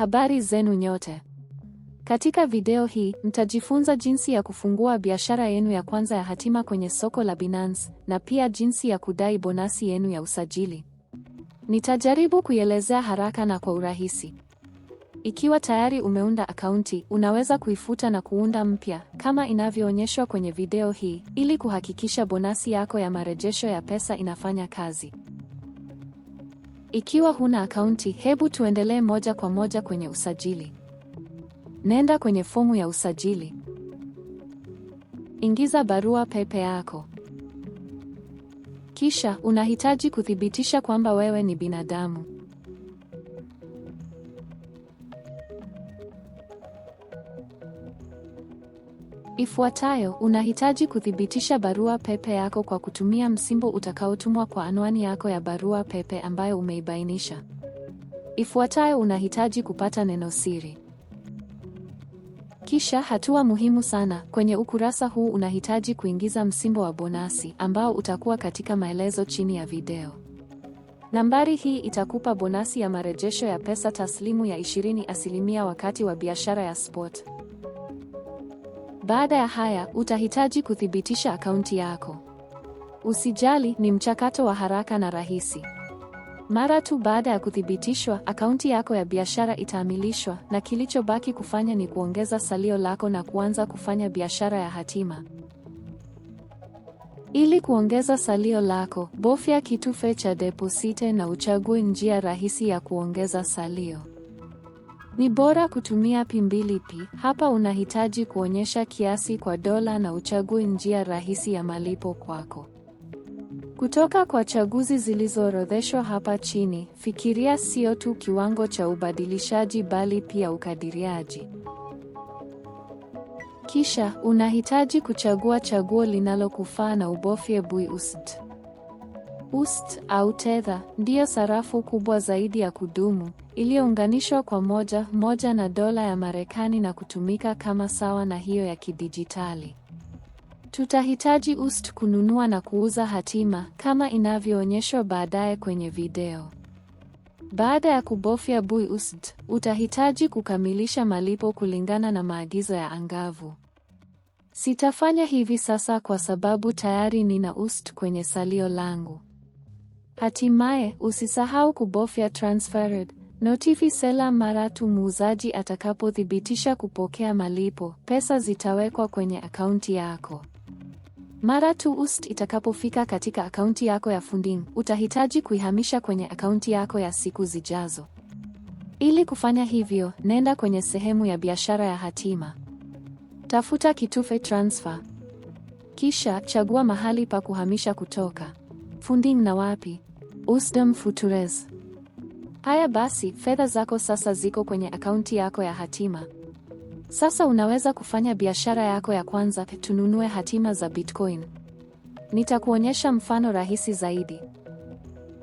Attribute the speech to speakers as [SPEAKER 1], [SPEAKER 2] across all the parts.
[SPEAKER 1] Habari zenu nyote. Katika video hii mtajifunza jinsi ya kufungua biashara yenu ya kwanza ya hatima kwenye soko la Binance na pia jinsi ya kudai bonasi yenu ya usajili. Nitajaribu kuielezea haraka na kwa urahisi. Ikiwa tayari umeunda akaunti, unaweza kuifuta na kuunda mpya kama inavyoonyeshwa kwenye video hii ili kuhakikisha bonasi yako ya marejesho ya pesa inafanya kazi. Ikiwa huna akaunti, hebu tuendelee moja kwa moja kwenye usajili. Nenda kwenye fomu ya usajili, ingiza barua pepe yako, kisha unahitaji kuthibitisha kwamba wewe ni binadamu. ifuatayo, unahitaji kuthibitisha barua pepe yako kwa kutumia msimbo utakaotumwa kwa anwani yako ya barua pepe ambayo umeibainisha. Ifuatayo, unahitaji kupata neno siri. Kisha hatua muhimu sana, kwenye ukurasa huu unahitaji kuingiza msimbo wa bonasi ambao utakuwa katika maelezo chini ya video. Nambari hii itakupa bonasi ya marejesho ya pesa taslimu ya 20% wakati wa biashara ya spot. Baada ya haya, utahitaji kuthibitisha akaunti yako. Usijali, ni mchakato wa haraka na rahisi. Mara tu baada ya kuthibitishwa, akaunti yako ya biashara itaamilishwa na kilichobaki kufanya ni kuongeza salio lako na kuanza kufanya biashara ya hatima. Ili kuongeza salio lako, bofya kitufe cha deposite na uchague njia rahisi ya kuongeza salio. Ni bora kutumia P2P. Hapa unahitaji kuonyesha kiasi kwa dola na uchague njia rahisi ya malipo kwako. Kutoka kwa chaguzi zilizoorodheshwa hapa chini, fikiria sio tu kiwango cha ubadilishaji bali pia ukadiriaji. Kisha unahitaji kuchagua chaguo linalokufaa na ubofye bui ust. ust au tether ndiyo sarafu kubwa zaidi ya kudumu iliyounganishwa kwa moja moja na dola ya Marekani na kutumika kama sawa na hiyo ya kidijitali. Tutahitaji UST kununua na kuuza hatima kama inavyoonyeshwa baadaye kwenye video. Baada ya kubofya buy UST, utahitaji kukamilisha malipo kulingana na maagizo ya angavu. Sitafanya hivi sasa kwa sababu tayari nina UST kwenye salio langu. Hatimaye, usisahau kubofya transferred Notifi sela mara tu muuzaji atakapothibitisha kupokea malipo, pesa zitawekwa kwenye akaunti yako. Mara tu UST itakapofika katika akaunti yako ya funding, utahitaji kuihamisha kwenye akaunti yako ya siku zijazo. Ili kufanya hivyo, nenda kwenye sehemu ya biashara ya hatima. Tafuta kitufe transfer. Kisha chagua mahali pa kuhamisha kutoka funding na wapi? USD Futures. Haya basi, fedha zako sasa ziko kwenye akaunti yako ya hatima. Sasa unaweza kufanya biashara yako ya kwanza, tununue hatima za Bitcoin. Nitakuonyesha mfano rahisi zaidi.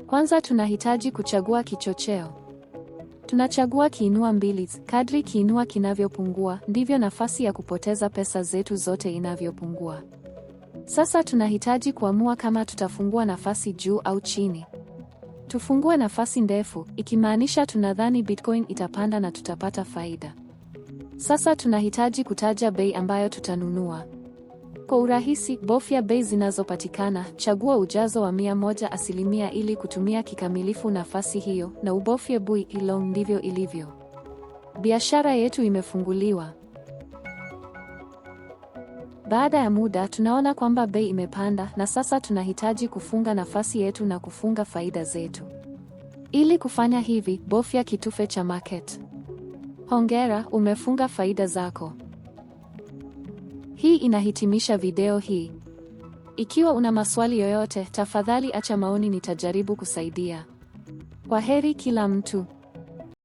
[SPEAKER 1] Kwanza tunahitaji kuchagua kichocheo. Tunachagua kiinua mbili. Kadri kiinua kinavyopungua, ndivyo nafasi ya kupoteza pesa zetu zote inavyopungua. Sasa tunahitaji kuamua kama tutafungua nafasi juu au chini. Tufungue nafasi ndefu, ikimaanisha tunadhani Bitcoin itapanda na tutapata faida. Sasa tunahitaji kutaja bei ambayo tutanunua. Kwa urahisi, bofya bei zinazopatikana, chagua ujazo wa mia moja asilimia ili kutumia kikamilifu nafasi hiyo, na ubofye buy. Hilo ndivyo ilivyo. Biashara yetu imefunguliwa. Baada ya muda tunaona kwamba bei imepanda na sasa tunahitaji kufunga nafasi yetu na kufunga faida zetu. Ili kufanya hivi, bofya kitufe cha market. Hongera, umefunga faida zako. Hii inahitimisha video hii. Ikiwa una maswali yoyote, tafadhali acha maoni, nitajaribu kusaidia. Kwa heri kila mtu.